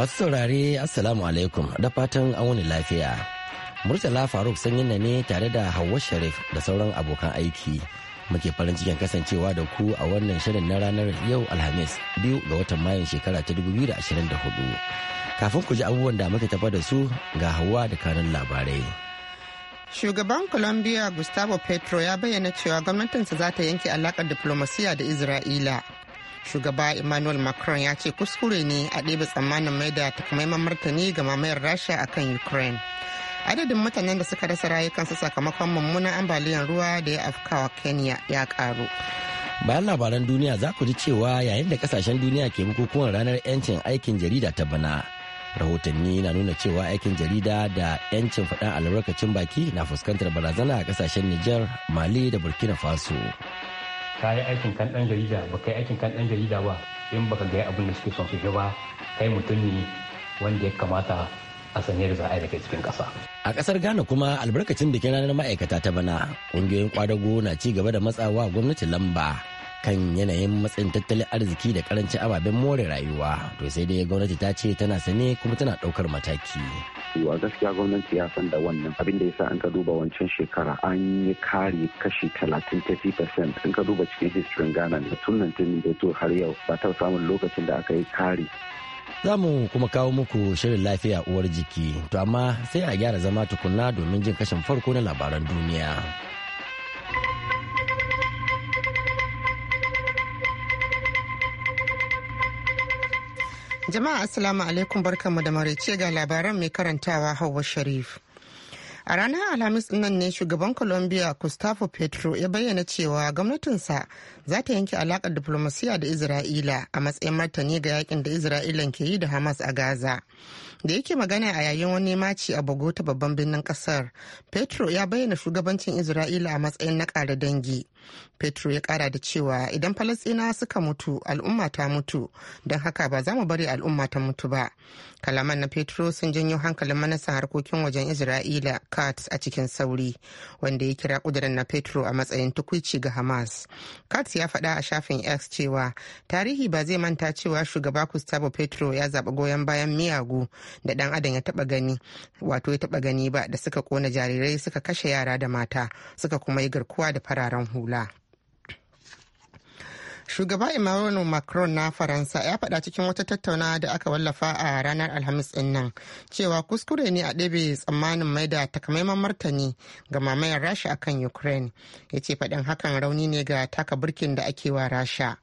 Masu saurare Assalamu alaikum da fatan an wani lafiya. Murtala Faruk sanyin na ne tare da Hauwa Sharif da sauran abokan aiki. Muke farin cikin kasancewa da ku a wannan shirin na ranar yau Alhamis biyu ga watan Mayun shekara ta hudu Kafin ku ji abubuwan da muka tafa da su ga Hauwa da kanun labarai. Shugaban Colombia Gustavo Petro ya bayyana cewa gwamnatinsa za ta yanke alakar diplomasiya da Isra'ila. shugaba emmanuel macron ya ce kuskure ne a ɗebe tsammanin mai da takamaiman martani ga mamayar rasha akan ukraine adadin mutanen da suka rasa rayukansu sakamakon mummunan ambaliyar ruwa da ya afkawa kenya ya karu bayan labaran duniya za ku ji cewa yayin da kasashen duniya ke bukukuwan ranar 'yancin aikin jarida ta bana rahotanni na nuna cewa aikin jarida da 'yancin faɗan albarkacin baki na fuskantar barazana a kasashen niger mali da burkina faso ka yi aikin kan ɗan jarida ba ka yi aikin kan ɗan jarida ba in baka ga abin da suke son su ba kai mutum ne wanda ya kamata a sanye da za a yi cikin ƙasa. A ƙasar Ghana kuma albarkacin bikin ranar ma'aikata ta bana ƙungiyoyin kwadago na ci gaba da matsawa gwamnati lamba kan yanayin matsayin tattalin arziki da karancin ababen more rayuwa to sai dai gwamnati ta ce tana sane kuma tana daukar mataki wa gaskiya gwamnati ya san da wannan abin da yasa an ka duba wancan shekara an yi kare kashi 30 in ka duba cikin history ghana da tun to har yau ba ta samun lokacin da aka yi kare za mu kuma kawo muku shirin lafiya uwar jiki to amma sai a gyara zama tukunna domin jin kashin farko na labaran duniya. Jama'a Assalamu alaikum barkanmu da maraice ga labaran mai karantawa Hauwa Sharif. A ranar Alhamis nan ne shugaban Colombia Gustavo Petro ya bayyana cewa gwamnatinsa za ta yanke alakar diplomasiya da Isra'ila a matsayin martani ga yakin da isra'ila ke yi da Hamas a Gaza. Da yake magana a yayin wani maci a Bogota babban birnin kasar, Petro ya bayyana shugabancin Isra'ila a matsayin na dangi. petro ya kara da cewa idan falastina suka mutu al'umma ta mutu don haka ba za mu bari al'umma ta mutu ba kalaman na petro sun janyo hankalin manasan harkokin wajen isra'ila kat a cikin sauri wanda ya kira kudirin na petro a matsayin tukwici ga hamas kat ya faɗa a shafin x cewa tarihi ba zai manta cewa shugaba gustavo petro ya zaɓi goyon bayan miyagu da ɗan adam ya taba gani wato ya taba gani ba da suka kona jarirai suka kashe yara da mata suka kuma yi garkuwa da fararen hula la shugaba emmanuel macron na faransa ya faɗa cikin wata tattaunawa da aka wallafa a ranar alhamis din nan cewa kuskure ne a ɗebe tsammanin mai da takamaiman martani ga mamayar rasha akan ukraine ya ce faɗin hakan rauni ne ga taka birkin da ake wa rasha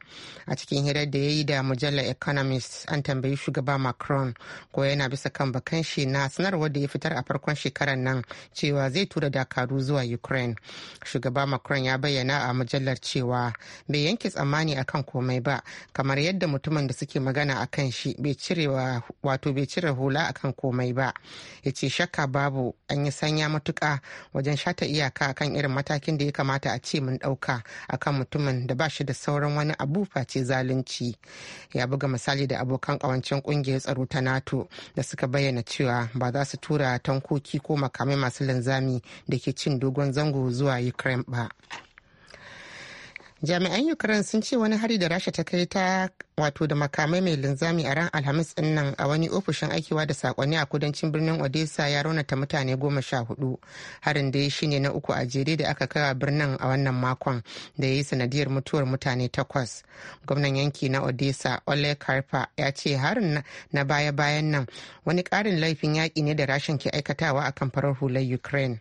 a cikin hirar da ya yi da mujallar economist an tambayi shugaba macron ko yana bisa kan bakan shi na sanarwar da ya fitar a farkon shekarar nan cewa zai tura dakaru zuwa ukraine shugaba macron ya bayyana a mujallar cewa bai yanke tsammani akan komai ba kamar yadda mutumin da suke magana a kan shi wato bai cire hula akan komai ba ya ce shakka babu an yi sanya matuka wajen shata iyaka kan irin matakin da ya kamata a ce mun ɗauka akan mutumin da ba shi da sauran wani abu face zalunci ya buga misali da abokan ƙawancin ƙungiyar tsaro ta nato da suka bayyana cewa ba za su tura tankoki ko makamai masu linzami da ke cin dogon zango zuwa ukraine ba. jami'an ukraine sun ce wani hari da rasha ta kai ta wato da makamai mai linzami a ran alhamis din a wani ofishin aikiwa da sakonni a kudancin birnin odessa ya raunata mutane goma sha hudu harin da ya shine na uku a jere da aka kai kawa birnin a wannan makon da ya yi sanadiyar mutuwar mutane takwas gwamnan yanki na odessa ole karfa ya ce harin na baya-bayan nan wani karin laifin yaƙi ne da rashin ke aikatawa a kan farar hular ukraine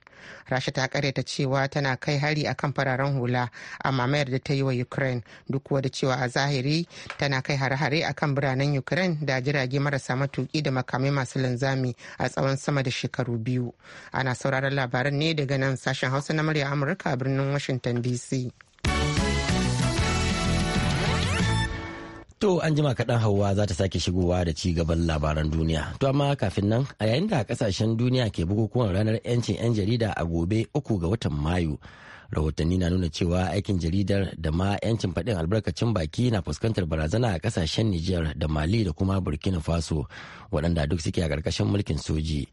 rasha ta karyata cewa tana kai hari a kan fararen hula a mamayar da ta yi wa ukraine duk da cewa a zahiri tana kai hare-hare a kan biranen ukraine da jirage marasa matuki da makamai masu linzami a tsawon sama da shekaru biyu ana sauraron labaran ne daga nan sashen hausa na murya amurka a birnin washington dc To an jima kaɗan hauwa za ta sake shigowa da ci gaban labaran duniya. To amma kafin nan a yayin da kasashen duniya ke bukukuwan ranar 'yancin 'yan jarida a gobe uku ga watan Mayu. rahotanni na nuna cewa aikin jaridar da ma 'yancin faɗin albarkacin baki na fuskantar barazana a kasashen niger da mali da kuma burkina faso waɗanda duk suke a ƙarƙashin mulkin soji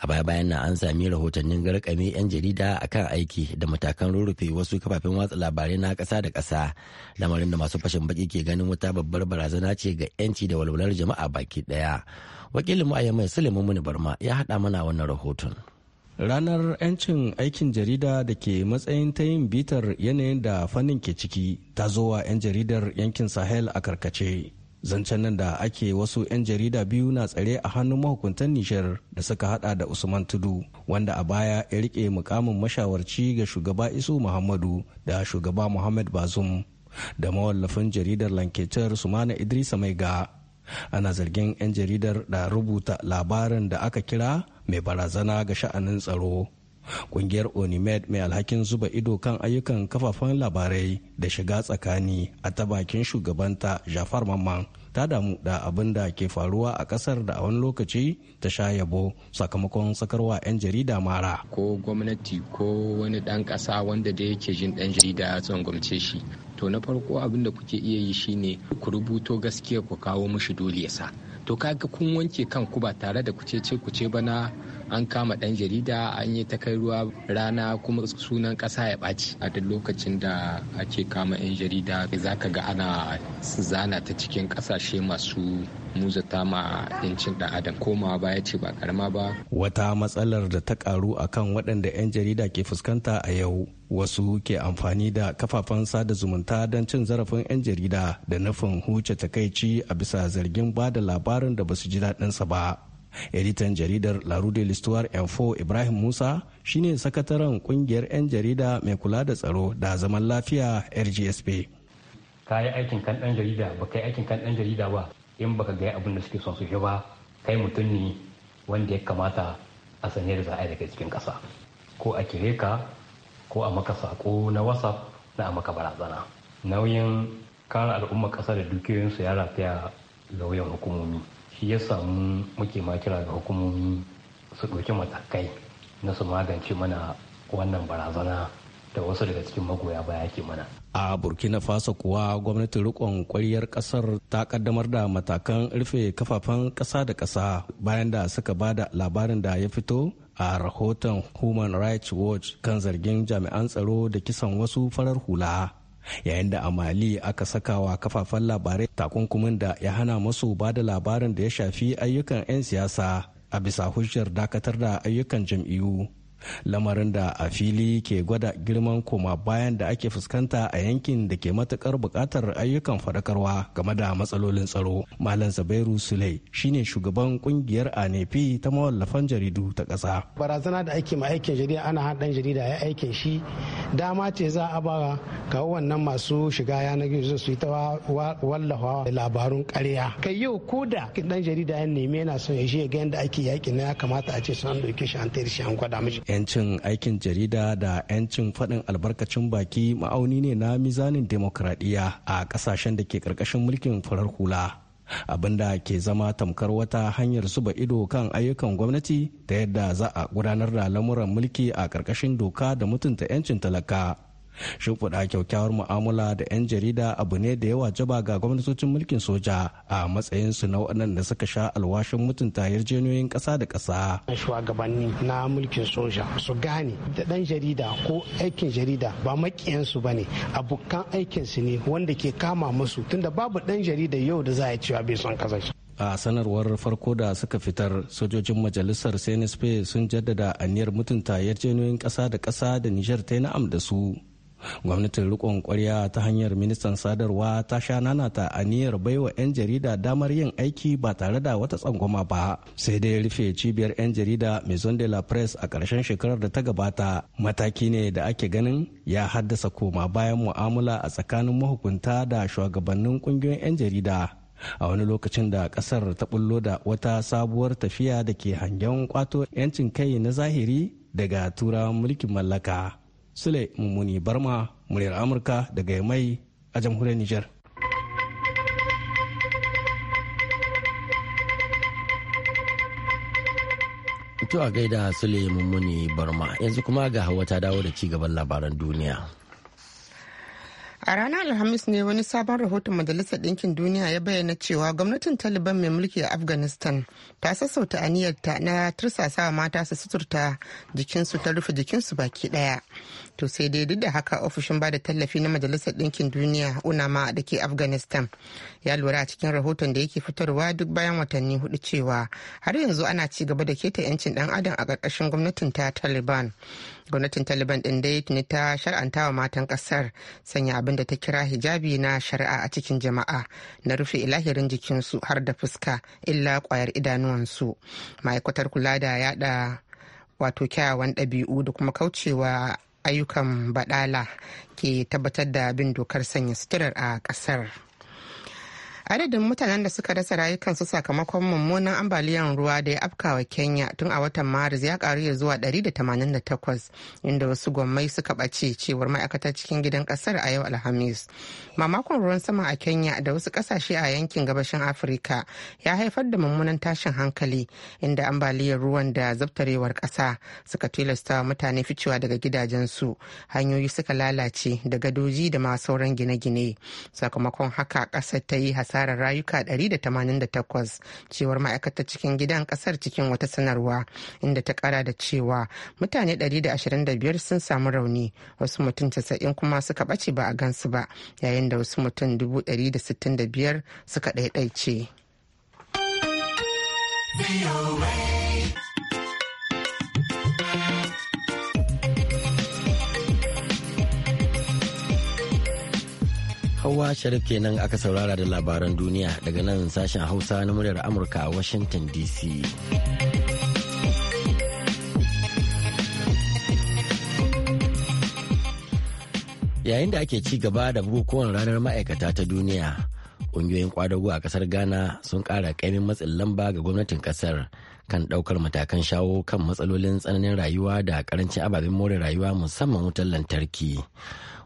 a baya bayan na an sami rahotannin garkame 'yan jarida akan aiki da matakan rurrufe wasu kafafen watsa labarai na ƙasa da ƙasa lamarin da masu fashin baki ke ganin wata babbar barazana ce ga 'yanci da walwalar jama'a baki ɗaya wakilin mu a yamai suleiman muni barma ya haɗa mana wannan rahoton. ranar 'yancin aikin jarida da ke matsayin ta yin bitar yanayin da fannin ke ciki ta zowa wa 'yan jaridar yankin sahel a karkace zancen nan da ake wasu 'yan jarida biyu na tsare a hannun mahukuntan nishar da suka hada da usman tudu wanda a baya ya rike mukamin mashawarci ga shugaba isu muhammadu da shugaba muhammad bazum da mawallafin jaridar lanketar sumana idrisa mai ga ana zargin 'yan jaridar da rubuta labarin da aka kira mai barazana ga sha'anin tsaro kungiyar onimed mai alhakin zuba ido kan ayyukan kafafen labarai da shiga tsakani a ta bakin shugabanta jafar mamman ta damu da abin da ke faruwa a kasar da a wani lokaci ta sha yabo sakamakon sakarwa 'yan jarida mara ko gwamnati ko wani dan kasa wanda da yake jin dan jarida ya tsangwamce shi to na farko abin da kuke iya yi shine ku rubuto gaskiya ku kawo mishi dole ya sa to kaga kun wanke kan ku ba tare da kucece kuce ba na an kama dan jarida an yi ta kai ruwa rana kuma sunan kasa ya ɓaci a duk lokacin da ake kama yan jarida za ka ga ana zana ta cikin ƙasashe masu muzata ma yancin da adam komawa baya ce ba karama ba wata matsalar da ta karu akan waɗanda yan jarida ke fuskanta a yau wasu ke amfani da kafafen sada zumunta don cin zarafin 'yan jarida da nufin huce takaici a bisa zargin ba da labarin da basu ji daɗinsa ba editan jaridar larude listuwar info ibrahim musa shine sakataren kungiyar 'yan jarida mai kula da tsaro da zaman lafiya rgsp ka yi aikin kan ɗan jarida ba ka yi aikin kan ɗan jarida ba in baka ga abin da suke son su ba kai mutum ne wanda ya kamata a sanye da za daga cikin ƙasa ko a kire ka ko a maka sako na wasaf na a maka barazana nauyin kare al'umma kasa da dukiyoyinsu ya rataya lauyan hukumomi shi ya samu muke ma kira ga hukumomi su ɗauki matakai na su magance mana wannan barazana da wasu daga cikin magoya baya ke mana a burkina faso kuwa gwamnatin rikon kwaryar kasar ta kaddamar da matakan rufe kafafen kasa da kasa bayan da suka ba da labarin da ya fito a rahoton human rights watch kan zargin jami'an tsaro da kisan wasu farar hula yayin da a mali aka saka wa kafafen labarai takunkumin da ya hana masu ba da labarin da ya shafi ayyukan 'yan siyasa a bisa hujjar dakatar da ayyukan jam'iyyu lamarin da a fili ke gwada girman koma bayan da ake fuskanta a yankin da ke matukar bukatar ayyukan fadakarwa game da matsalolin tsaro malam zabairu sule shine shugaban kungiyar anefi ta mawallafan jaridu ta kasa. barazana da ake ma aikin jarida ana haɗin jarida ya aikin shi dama ce za a ba kawo wannan masu shiga yanar gizo su yi ta wallafa labarun ƙarya kai yau ko da dan jarida ya neme yana son ya je ga yadda ake yaƙi na ya kamata a ce sun ɗauke shi an tayar shi an gwada miji. 'yancin aikin jarida da 'yancin faɗin albarkacin baki ma'auni ne na mizanin demokradiyya a ƙasashen da ke ƙarƙashin mulkin farar hula abinda ke zama tamkar wata hanyar zuba ido kan ayyukan gwamnati ta yadda za a gudanar da lamuran mulki a ƙarƙashin doka da mutunta 'yancin talaka shimfiɗa kyaukyawar mu'amala da 'yan jarida abu ne da yawa jaba ga gwamnatocin mulkin soja a matsayin su na waɗannan da suka sha alwashin mutunta yarjejeniyoyin ƙasa da ƙasa. shugabanni na mulkin soja su gane da ɗan jarida ko aikin jarida ba maƙiyansu ba ne abokan su ne wanda ke kama musu tunda babu ɗan jarida yau da za a cewa bai son kasashe. a sanarwar farko da suka fitar sojojin majalisar cnsp sun jaddada aniyar mutunta yarjejeniyoyin ƙasa da ƙasa da nijar ta yi na'am da su gwamnatin rikon kwarya ta hanyar ministan sadarwa ta sha nanata aniyar baiwa 'yan jarida damar yin aiki ba tare da wata tsangwama ba sai dai rufe cibiyar 'yan jarida maison de la presse a ƙarshen shekarar da ta gabata mataki ne da ake ganin ya haddasa koma bayan mu'amala a tsakanin mahukunta da shugabannin ƙungiyoyin 'yan jarida a wani lokacin da ƙasar ta bullo da wata sabuwar tafiya da ke hangen kwato 'yancin kai na zahiri daga turawan mulkin mallaka Sule Mummuni Barma, muryar Amurka daga Yamai a jamhuriyar Nijar. To a gaida Sule Mummuni Barma yanzu kuma ga hawa ta dawo da ci gaban labaran duniya. A ranar Alhamis ne wani sabon rahoton Majalisar Ɗinkin Duniya ya bayyana cewa gwamnatin Taliban mai mulki a Afghanistan ta sassauta aniyarta na tursasawa mata su suturta jikinsu ta rufe jikinsu baki ɗaya. To sai dai duk da haka ofishin bada tallafi na Majalisar Ɗinkin Duniya UNAMA da ke Afghanistan ya lura a cikin rahoton da yake fitarwa duk bayan watanni hudu cewa har yanzu ana ci gaba da keta 'yancin ɗan adam a ƙarƙashin gwamnatin ta Taliban. gwamnatin taliban ɗin dai tuni ta shar'anta wa matan ƙasar sanya abin da ta kira hijabi na shari'a a cikin jama'a na rufe ilahirin jikinsu har da fuska illa kwayar idanuwansu ma'aikatar kula da yada wato kyawawan ɗabi'u da kuma kaucewa ayyukan baɗala ke tabbatar da bin dokar sanya suturar a ƙasar. adadin mutanen da suka rasa rayukansu sakamakon mummunan ambaliyan ruwa da ya afka wa kenya tun a watan maris ya karu ya zuwa 188 inda wasu gwammai suka ɓace cewar ma'aikatar cikin gidan ƙasar a yau alhamis mamakon ruwan sama a kenya da wasu ƙasashe a yankin gabashin afirka ya haifar da mummunan tashin hankali inda ambaliyar ruwan da zabtarewar ƙasa suka tilasta mutane ficewa daga gidajensu hanyoyi suka lalace da gadoji da ma sauran gine-gine sakamakon haka ƙasar ta yi hasa asarar rayuka 188 cewar ma'aikatar cikin gidan kasar cikin wata sanarwa inda ta kara da cewa mutane 125 sun samu rauni wasu mutum 90 kuma suka bace ba a gansu ba yayin da wasu mutum 165 suka ɗaiɗaice. Hawa Sharif kenan aka saurara da labaran duniya daga nan sashen Hausa na muryar Amurka a Washington DC. Yayin da ake ci gaba da bukukuwan ranar ma'aikata ta duniya, ƙungiyoyin kwadago a ƙasar Ghana sun ƙara ƙaimin matsin lamba ga gwamnatin ƙasar kan ɗaukar matakan shawo kan matsalolin tsananin rayuwa da ƙarancin ababen more rayuwa musamman wutar lantarki.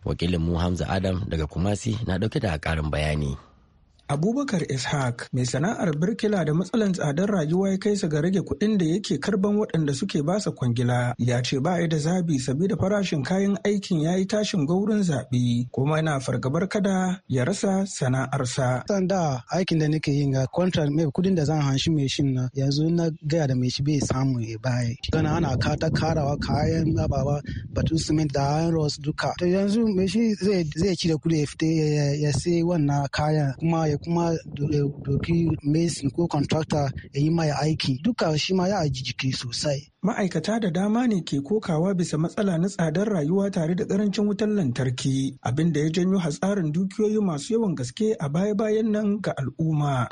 wakilin mu hamza adam daga kumasi na dauke da karin bayani Abubakar Ishaq mai sana'ar birkila da matsalan tsadar rayuwa ya kai sa ga rage kuɗin da yake karban waɗanda suke basa kwangila ya ce ba da zabi sabida farashin kayan aikin ya yi tashin gaurin zaɓi kuma yana fargabar kada ya rasa sana'arsa. San da aikin da nake yin ga kwantar mai kuɗin da zan hanshi mai shin na yanzu na gaya da mai shi bai samu ya baye. Gana ana kata karawa kayan ababa batun simin da iron duka. To yanzu mai shi zai ci da kuɗi ya fita ya sai wannan kayan kuma ya kuma eh, doki mesi ko kontrakta ya yi mai aiki duka shi ma ya jiki sosai. ma'aikata da dama ne ke kokawa bisa matsala na tsadar rayuwa tare da karancin wutar lantarki abin da ya janyo hatsarin dukiyoyi masu yawan gaske a baya-bayan nan ga al'umma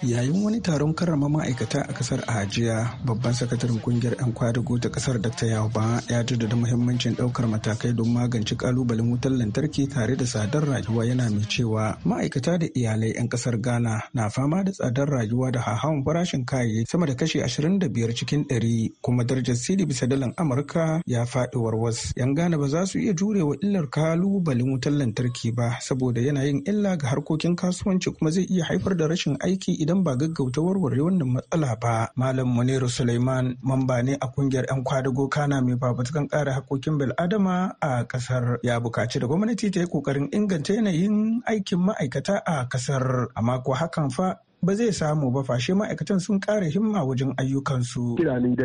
yayin wani taron karrama ma'aikata a kasar ajiya babban sakataren kungiyar 'yan kwadago ta kasar dr yahuba ya jaddada muhimmancin daukar matakai don magance kalubalen wutar lantarki tare da tsadar rayuwa yana mai cewa ma'aikata da iyalai 'yan kasar ghana na fama da tsadar rayuwa da hahawan farashin kayayyaki sama da kashi ashirin 25 cikin 100 kuma darajar sidi bisa dalan Amurka ya faɗi warwas. Yan Ghana ba za su iya jure wa illar kalubalen wutar lantarki ba saboda yana yin illa ga harkokin kasuwanci kuma zai iya haifar da rashin aiki idan ba gaggauta warware wannan matsala ba. Malam Muniru Suleiman mamba ne a kungiyar 'yan kwadago kana mai babatukan kare harkokin bil'adama a kasar ya bukaci da gwamnati ta yi kokarin inganta yanayin aikin ma'aikata a kasar amma ko hakan fa ba zai samu ba fashe ma'aikatan sun ƙara himma wajen ayyukansu. Kira ni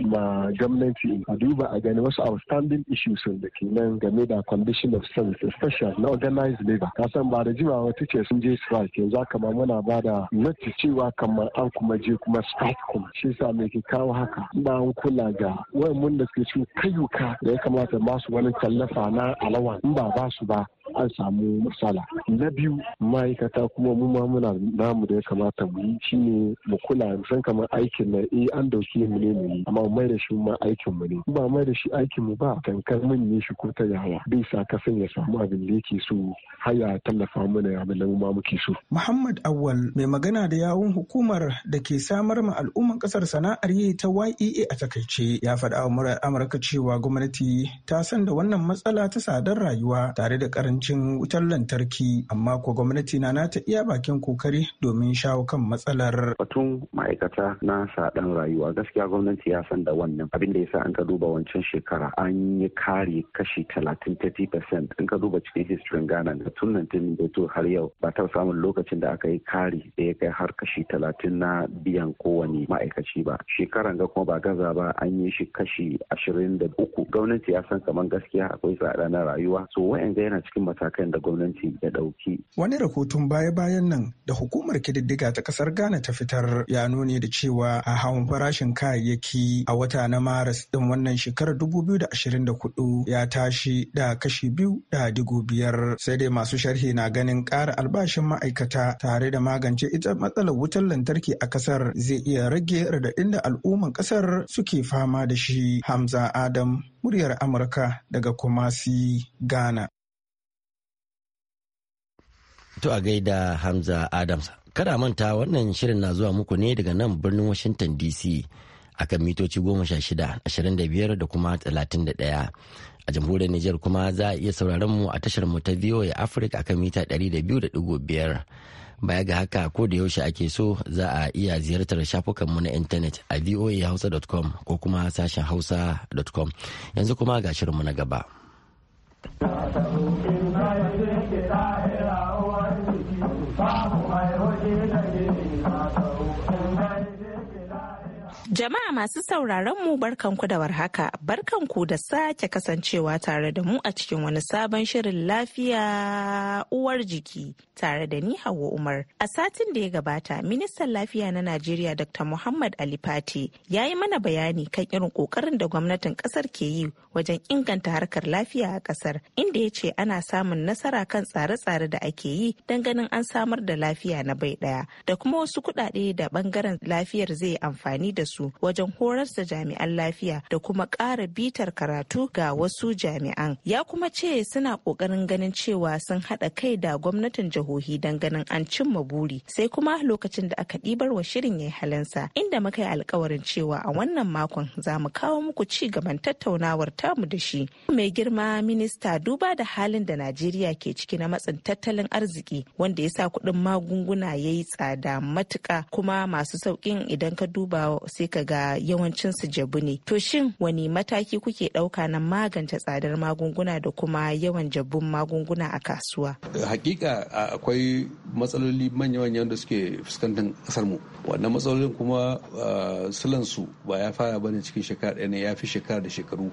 ma gwamnati a duba a gani wasu outstanding issues da ke nan game da condition of service especially na organized labor kasan ba da jimawa ta ce sun je strike yanzu haka ma muna ba da nati cewa kamar an kuma je kuma strike kuma shi sa me ke kawo haka Ina an kula ga wayan da suke cikin kayuka da ya kamata ba su wani tallafa na alawa. in ba ba su ba an samu matsala na biyu ma'aikata kuma mu ma muna namu da ya kamata mu yi shine mu kula san kamar aikin na eh an dauke mu ne mu yi amma mai da shi ma aikin mu ne ba mai da shi aikin mu ba mun manye shi ko ta yawa bai sa kasan ya samu abin da yake so haya tallafa mana abin da mu ma muke so Muhammad Awwal mai magana da yawun hukumar da ke samar ma al'umman kasar sana'ar yi ta YEA a takaice ya faɗa wa Amurka cewa gwamnati ta san da wannan matsala ta tsadar rayuwa tare da karancin wutar lantarki amma ko gwamnati na nata iya bakin kokari domin shawo kan matsalar batun ma'aikata na sadan rayuwa gaskiya gwamnati ya matasan da wannan abin da yasa an ka duba wancan shekara an yi kare kashi 30-30% in ka duba cikin history Ghana da tun 1992 har yau ba ta samun lokacin da aka yi kari da ya kai har kashi 30 na biyan kowane ma'aikaci ba shekaran ga kuma ba gaza ba an yi shi kashi 23 gwamnati ya san kamar gaskiya akwai tsada na rayuwa so wa'yanga yana cikin matakan da gwamnati ya dauki wani rahoton baya-bayan nan da hukumar kididdiga ta kasar Ghana ta fitar ya nuni da cewa a hawan farashin kayayyaki a wata na maris din wannan shekarar 2024 ya tashi da kashi biyu da digo biyar sai dai masu sharhi na ganin ƙara albashin ma'aikata tare da magance ita matsalar wutar lantarki a kasar zai iya rage radadin da al'umman kasar suke fama da shi hamza adam muryar amurka daga kumasi ghana to a gaida hamza adams kada manta wannan shirin na zuwa muku ne daga nan birnin washington dc akan mitoci 16 25 da kuma 31 a jamhuriyar Nijar kuma za a iya sauraron mu a tashar mu ta VOA Africa akan mita 200.5 baya ga haka ko da yaushe ake so za a iya ziyartar shafukanmu na intanet a voahausa.com ko kuma sashen hausa.com yanzu kuma ga shirinmu na gaba. Jama'a masu sauraron mu barkanku da warhaka, barkanku da sake kasancewa tare da mu a cikin wani sabon shirin lafiya uwar jiki tare da ni Hauwa Umar. A satin da ya gabata, ministan lafiya na Najeriya Dr. Muhammad Ali pate ya yi mana bayani kan irin kokarin da gwamnatin kasar ke yi wajen inganta harkar lafiya a kasar, inda ya ce ana samun nasara kan tsare-tsare da ake yi don ganin an samar da lafiya na bai daya da kuma wasu kuɗaɗe da ɓangaren lafiyar zai amfani da su su wajen horar da jami'an lafiya da kuma ƙara bitar karatu ga wasu jami'an. Ya kuma ce suna ƙoƙarin ganin cewa sun haɗa kai da gwamnatin jihohi don ganin an cimma buri sai kuma lokacin da aka ɗibar wa shirin ya yi halinsa inda muka yi alkawarin cewa a wannan makon za mu kawo muku ci gaban tattaunawar tamu da shi. Mai girma minista duba da halin da Najeriya ke ciki na matsin tattalin arziki wanda ya sa kuɗin magunguna ya yi tsada matuka kuma masu sauƙin idan ka duba sai duka ga yawancin su jabu ne to shin wani mataki kuke ɗauka na magance tsadar magunguna da kuma yawan jabun magunguna a kasuwa hakika akwai matsaloli manya-manyan da suke fuskantar kasar mu wannan matsalolin kuma silansu ba ya fara bane cikin shekara ɗaya ne ya fi shekara da shekaru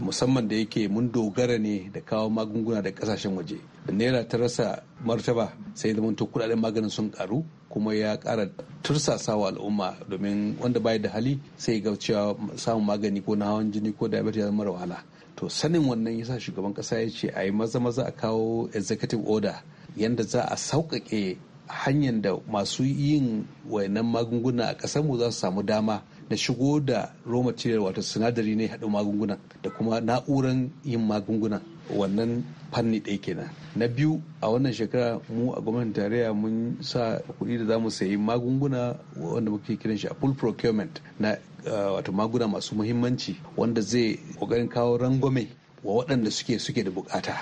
musamman da yake mun dogara ne da kawo magunguna da kasashen waje da naira ta rasa martaba sai da kuɗaɗen maganin sun karu kuma ya ƙara tursasawa al'umma domin wanda bai da hali sai ga cewa samun magani ko na hawan jini ko diabetes ya zama wahala to sanin wannan yasa shugaban kasa ya ce a yi maza maza a kawo executive order yanda za a sauƙaƙe hanyar da masu yin wayannan magunguna a ƙasar mu za su samu dama na shigo da raw material wato sinadari ne haɗin magungunan da kuma na'uran yin magungunan wannan fanni ɗaya kenan na biyu a wannan shekara mu a gwamnatin tarayya mun sa kuɗi da za mu sayi magunguna wanda muke kiran shi a full procurement na uh, wato maguna masu muhimmanci wanda zai kokarin kawo rangwame wa waɗanda suke suke da bukata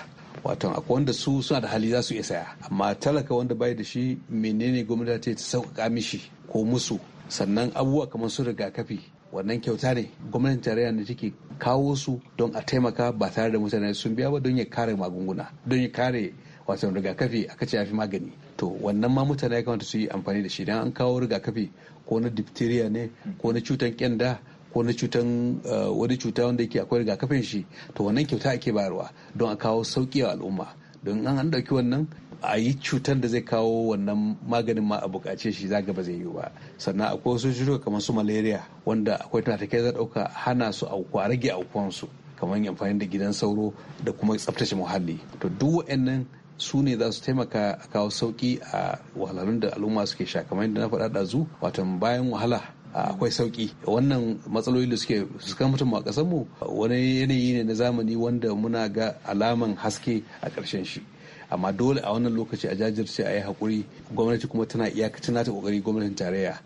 wato akwai wanda su suna da hali za su iya saya amma talaka wanda bai da shi menene gwamnati ta sauƙaƙa mishi ko musu sannan abubuwa kamar su rigakafi wannan kyauta ne gwamnatin tarayya ne take kawo su don a taimaka ba tare da mutane sun biya ba don ya kare magunguna don ya kare wato rigakafi aka ce yafi magani to wannan ma mutane ya kamata su yi amfani da shi don an kawo rigakafi ko na diphtheria ne ko na cutan kyanda ko na cutan eh, wani cuta wanda yake akwai rigakafin shi to wannan kyauta ake bayarwa don a kawo sauki wa al'umma don an an wannan a yi cutar da zai kawo wannan maganin ma a bukace shi zaga ba zai yi ba sannan akwai wasu cutuka kamar su malaria wanda akwai tatakai za dauka hana su aukuwa rage aukuwansu kamar amfani da gidan sauro da kuma tsaftace muhalli to duk waɗannan su ne za su taimaka a kawo sauki a wahalhalun da al'umma suke sha kamar yadda na faɗa ɗazu wato bayan wahala akwai sauki wannan matsaloli da suke fuskan mutum a ƙasar mu wani yanayi ne na zamani wanda muna ga alaman haske a ƙarshen shi amma dole a wannan lokaci a jajirce a yi hakuri gwamnati kuma tana iyakacin nata ƙoƙari gwamnatin tarayya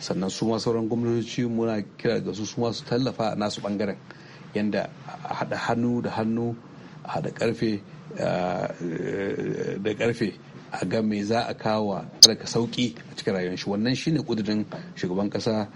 sannan su ma sauran gwamnatoci muna kira ga su su ma su tallafa a nasu ɓangaren yadda a haɗa hannu da hannu a haɗa ƙarfe eh, da ƙarfe a ga me za a kawo ka sauƙi a cikin rayuwar shi wannan shine ƙudurin shugaban ƙasa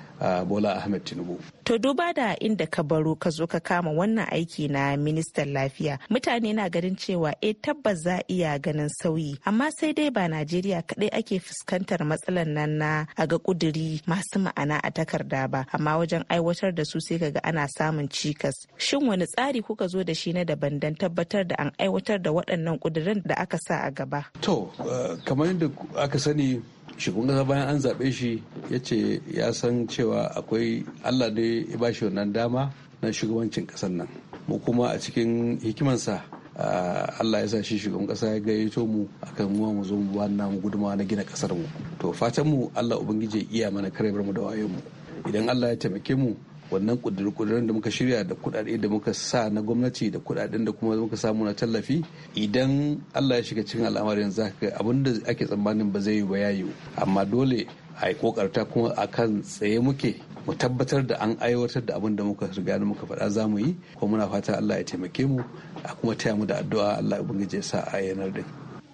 bola ahmed tinubu to duba da inda ka baro ka zo ka kama wannan aiki na ministan lafiya mutane na ganin cewa e tabbas za iya ganin sauyi amma sai dai ba najeriya kadai ake fuskantar matsalar nan na a ga kuduri masu ma'ana a takarda ba amma wajen aiwatar da su sai kaga ana samun cikas shin wani tsari kuka zo da shi na daban dan tabbatar da an aiwatar da waɗannan kudirin da aka sa a gaba to eh, kamar yadda aka sani shugaban kasa bayan an zaɓe shi ya ce ya san cewa akwai allah ne ya ba shi wannan dama na shugabancin ƙasar nan mu kuma a cikin hikimansa allah ya sa shi shugaban ƙasa ya gayyato mu akan mu mu zo mu ba mu gudunmawa na gina ƙasar mu to fatan mu allah ubangiji ya iya mana kare mu da wayo mu idan allah ya taimake mu wannan kudurin da muka shirya da kudade da muka sa na gwamnati da kudaden da kuma muka samu na tallafi idan allah ya shiga cikin al'amarin za ka abun da ake tsammanin ba zai yi ba yayi amma dole a yi kokarta kuma a kan tsaye muke mu tabbatar da an aiwatar da abin da muka riga da muka faɗa za mu yi kuma muna fata allah ya taimake mu a kuma taya mu da addu'a allah ya sa a yanar din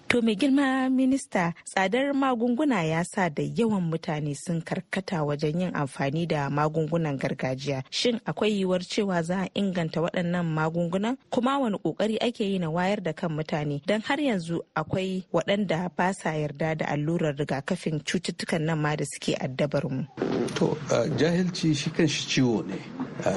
To mai girma minista tsadar magunguna ya sa da yawan mutane sun karkata wajen yin amfani da magungunan gargajiya. Shin akwai yiwuwar cewa za a inganta waɗannan magungunan? Kuma wani ƙoƙari ake yi na wayar da kan mutane don har yanzu akwai waɗanda ba sa yarda da allurar rigakafin cututtukan nan ma da suke addabar mu. To jahilci shi kan ciwo ne.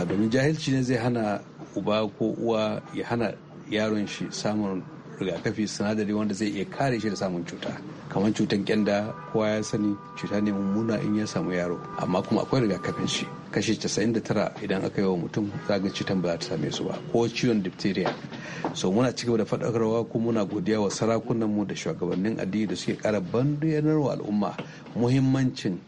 Domin jahilci ne zai hana uba ko uwa ya hana yaron shi samun rigakafi sinadari wanda zai iya kare shi da samun cuta kamar cutan kyanda kowa ya sani cuta ne mummuna in ya samu yaro amma kuma akwai rigakafin shi kashi 99 idan aka yi wa mutum ga cutan ba za ta same su ba ko ciwon diphtheria so muna cigaba da faɗakarwa ko muna godiya wa sarakunan mu da shugabannin addini da suke ƙara wa al'umma muhimmancin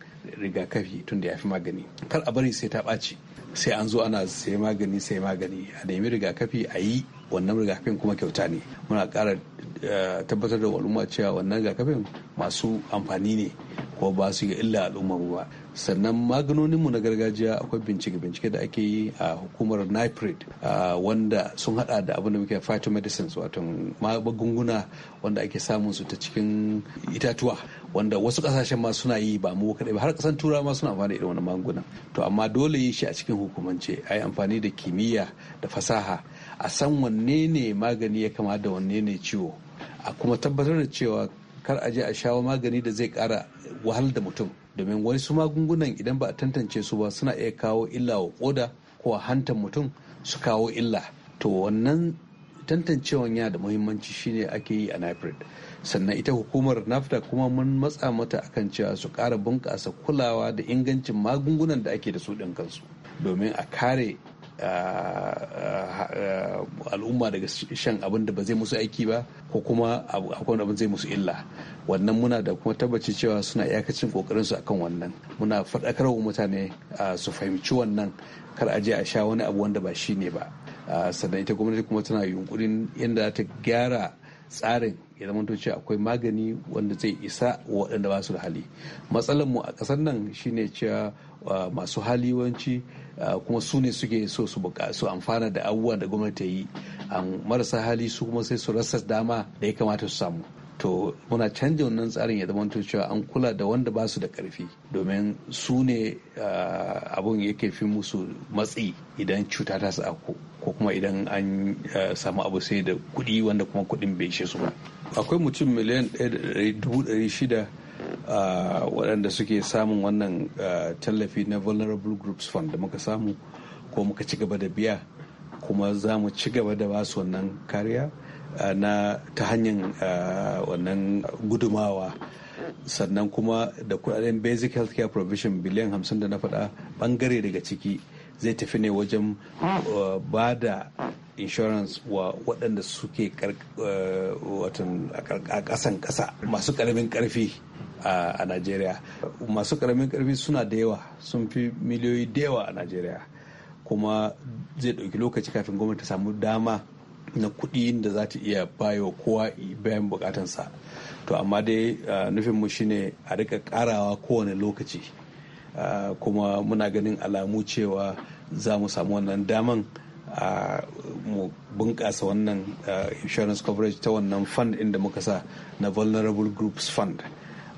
rigakafi tun da ya fi magani kar a bari sai ta ɓaci sai an zo ana sai magani sai magani a nemi rigakafi a yi wannan rigakafin kuma kyauta ne muna ƙara eh, tabbatar da al'umma cewa wannan rigakafin masu amfani ne ko ba su ga illa al'umma ba sannan maganoninmu na gargajiya akwai bincike-bincike da ake yi a hukumar nipred wanda sun hada da abin da muke medicines wato magunguna wanda ake samun su ta cikin itatuwa wanda wasu kasashen ma suna yi ba mu kadai ba har kasan tura ma suna amfani irin wannan magunguna to amma dole yi shi a cikin hukumance a yi amfani da kimiyya da fasaha a san wanne ne magani ya kama da wanne ne ciwo a kuma tabbatar da cewa kar a je a shawo magani da zai kara wahal da mutum domin wasu magungunan idan ba a tantance su ba suna iya kawo illa wa koda ko a hantar mutum su kawo illa to wannan tantancewan yana da muhimmanci shine ake yi a nafrid sannan ita hukumar nafta kuma mun matsa mata akan cewa su kara bunƙasa kulawa da ingancin magungunan da ake da su ɗin kansu domin a kare al'umma daga shan abin da ba zai musu aiki ba ko kuma akwai abin zai musu illa wannan muna da kuma tabbaci cewa suna iyakacin kokarin su akan wannan muna faɗakar wa mutane su fahimci wannan kar a je a sha wani abu wanda ba shi ne ba sannan ita gwamnati kuma tana yunkurin yadda ta gyara tsarin ya zama cewa akwai magani wanda zai isa waɗanda ba su da hali matsalar mu a ƙasar nan shine cewa uh, masu hali wanci uh, kuma su ne suke so su amfana da abubuwa da gwamnati ta yi marasa hali su kuma sai su rasa dama da ya kamata su samu to muna canja wannan tsarin ya zamanto cewa an kula da wanda ba su da karfi domin su ne abun yake fi musu matsi idan cuta ta sako ko kuma idan an samu abu sai da kuɗi wanda kuma kuɗin bai ishe su ba akwai mutum miliyan shida waɗanda suke samun wannan tallafi na vulnerable groups fund da muka samu ko muka ci gaba da biya kuma za mu ci gaba da su wannan kariya na ta hanyar wannan gudumawa sannan kuma da kudaden basic healthcare provision biliyan hamsin da na faɗa bangare daga ciki zai tafi ne wajen ba da insurance wa waɗanda suke a ƙasan ƙasa masu ƙaramin ƙarfi a najeriya masu ƙaramin ƙarfi suna da yawa sun fi miliyoyi da yawa a najeriya kuma zai ɗauki lokaci kafin gwamnati ta samu dama na kuɗi da za ta iya bayo kowa bayan bukatansa to amma dai nufinmu shine a rika karawa kowane lokaci kuma muna ganin alamu cewa za mu samu wannan daman a mu bunƙasa wannan insurance coverage ta wannan fund inda muka sa na vulnerable groups fund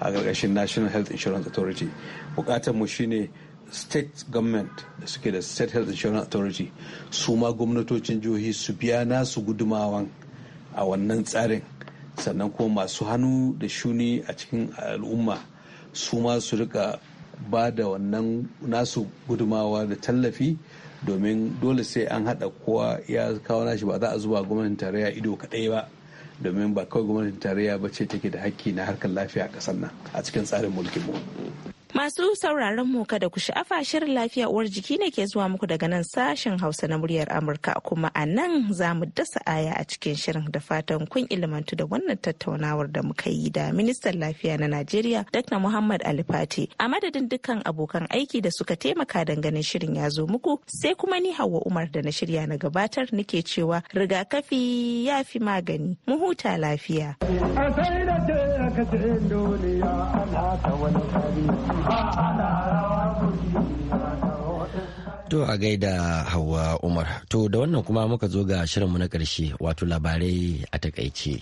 a ƙarƙashin national health insurance authority bukatar mu shine state government da suke da state health insurance authority su ma gwamnatocin jihohi su biya nasu gudumawan a wannan tsarin sannan kuma masu hannu da shuni a cikin al'umma su ma su rika ba da wannan nasu gudumawa da tallafi domin dole sai an haɗa kowa ya kawo nashi ba za a zuba gwamnatin tarayya ido kaɗai ba domin ba kawai gwamnatin tarayya ba ce take da hakki na harkar lafiya a ƙasar nan a cikin tsarin mulkin mu. Masu sauraron mu kada ku sha'afa shirin lafiya uwar jiki ne ke zuwa muku daga nan sashen Hausa na muryar Amurka kuma a nan za mu dasa aya a cikin shirin da fatan kun ilmantu da wannan tattaunawar da muka yi da ministan lafiya na Najeriya Dr. Muhammad Alifati a madadin dukkan abokan aiki da suka taimaka ganin shirin ya zo muku sai kuma ni Hauwa Umar da na shirya na gabatar nake cewa rigakafi ya fi magani mu huta lafiya. To a gaida Hauwa Umar. To da wannan kuma muka zo ga shirinmu na ƙarshe wato labarai a takaice.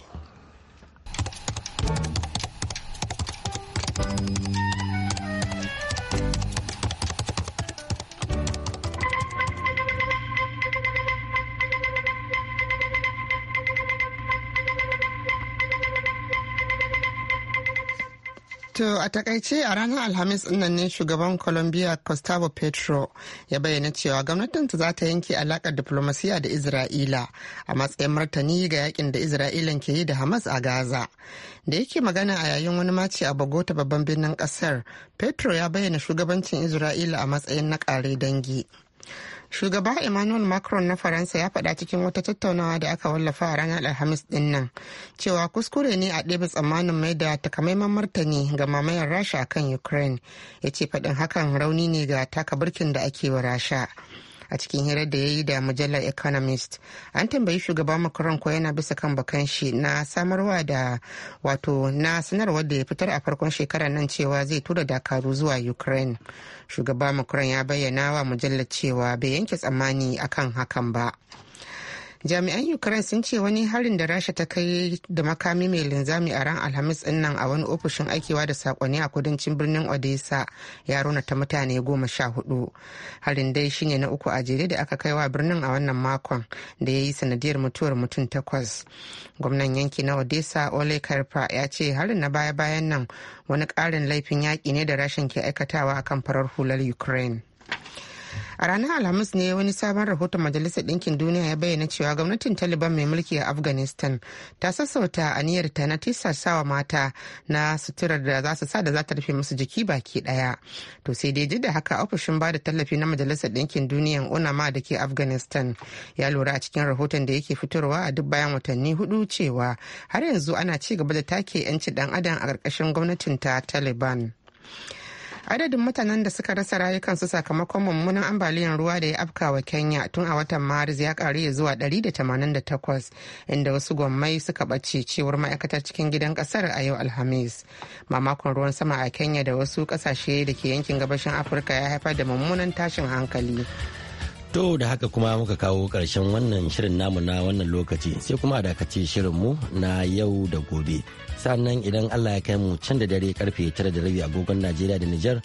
To a takaice a ranar Alhamis nan ne shugaban Colombia Gustavo Petro ya bayyana cewa ta za ta yanke alakar diplomasiya da Isra'ila a matsayin martani ga yakin da Isra'ilan ke yi da Hamas a Gaza. Da yake magana a yayin wani maci a Bogota babban birnin kasar, Petro ya bayyana shugabancin Isra'ila a matsayin na kare dangi. shugaba emmanuel macron na faransa ya faɗa cikin wata tattaunawa da aka wallafa a ranar alhamis din nan cewa kuskure ne a ɗebe tsammanin mai da takamaiman martani ga mamayar rasha a kan ukraine ya ce faɗin hakan rauni ne ga taka birkin da ake wa rasha a cikin hirar da ya yi da mujallar economist an tambayi shugaban macron ko yana bisa kan bakan shi na samarwa da wato na sanarwa da ya fitar a farkon shekarar nan cewa zai tura dakaru zuwa ukraine shugaba macron ya bayyana wa mujallar cewa bai yanke tsammani akan hakan ba jami'an ukraine sun ce wani harin da rasha ta kai da makami mai linzami a ran alhamis din a wani ofishin aikewa da sakonni a kudancin birnin odessa ya rona ta mutane goma sha hudu harin dai shine na uku a jere da aka kai wa birnin a wannan makon da ya yi sanadiyar mutuwar mutum takwas gwamnan yanki na odessa ole karfa ya ce harin na baya-bayan nan wani karin laifin yaki ne da rashin ke aikatawa akan farar hular ukraine a ranar alhamis ne wani sabon rahoton majalisar ɗinkin duniya ya bayyana cewa gwamnatin taliban mai mulki a afghanistan ta sassauta a niyyar ta na tisasawa mata na suturar da za su sa da za ta rufe musu jiki baki ɗaya to sai dai duk da haka ofishin ba da tallafi na majalisar ɗinkin duniya unama da ke afghanistan ya lura a cikin rahoton da yake fitarwa a duk bayan watanni hudu cewa har yanzu ana ci gaba da take 'yanci ɗan adam a ƙarƙashin gwamnatin ta taliban. adadin mutanen da suka rasa rayukansu sakamakon mummunan ambaliyar ruwa da ya afka wa kenya tun a watan maris ya karu ya zuwa 188 inda wasu gwammai suka bace cewar ma'aikatar cikin gidan kasar a yau alhamis mamakon ruwan sama a kenya da wasu kasashe da ke yankin gabashin afirka ya haifar da mummunan tashin hankali To da haka kuma muka kawo karshen wannan shirin namu na wannan lokaci sai kuma a dakace shirin mu na yau da gobe. sannan idan allah ya kai mu can da dare karfe tara da rabi agogon najeriya da nijar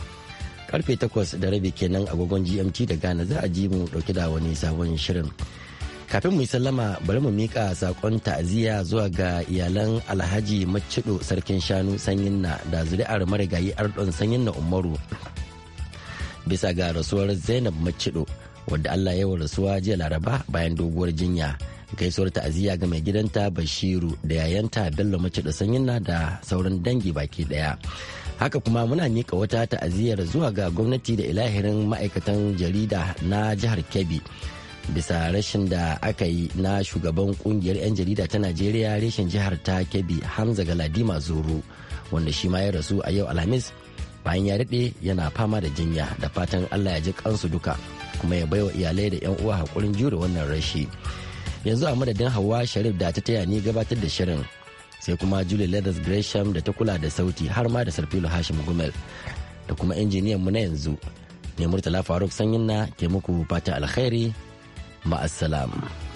karfe takwas da rabi kenan agogon gmt da ghana za a ji mu dauki da wani sabon shirin kafin mu yi sallama bari mu mika sakon ta'aziya zuwa ga iyalan alhaji macido sarkin shanu sanyin na da zuri'ar marigayi ardon sanyin na umaru bisa ga rasuwar zainab macido wadda allah ya wa rasuwa jiya laraba bayan doguwar jinya gaisuwar ta'aziyya ga mai gidanta bashiru da yayanta bello mace da na da sauran dangi baki daya haka kuma muna mika wata ta'aziyyar zuwa ga gwamnati da ilahirin ma'aikatan jarida na jihar kebbi bisa rashin da aka yi na shugaban kungiyar 'yan jarida ta najeriya reshen jihar ta kebbi hamza galadima zuru wanda shi ma ya rasu a yau alhamis bayan ya daɗe yana fama da jinya da fatan allah ya ji kansu duka kuma ya baiwa iyalai da 'yan uwa hakurin jure wannan rashi yanzu a madadin hawa sharif da ta taya ni gabatar da shirin sai kuma julie leathers gresham da ta kula da sauti har ma da sarfilo hashim gumel da kuma injiniyan mu na yanzu ne murtala faruk sanyin na ke muku fata alkhairi ma'assalam.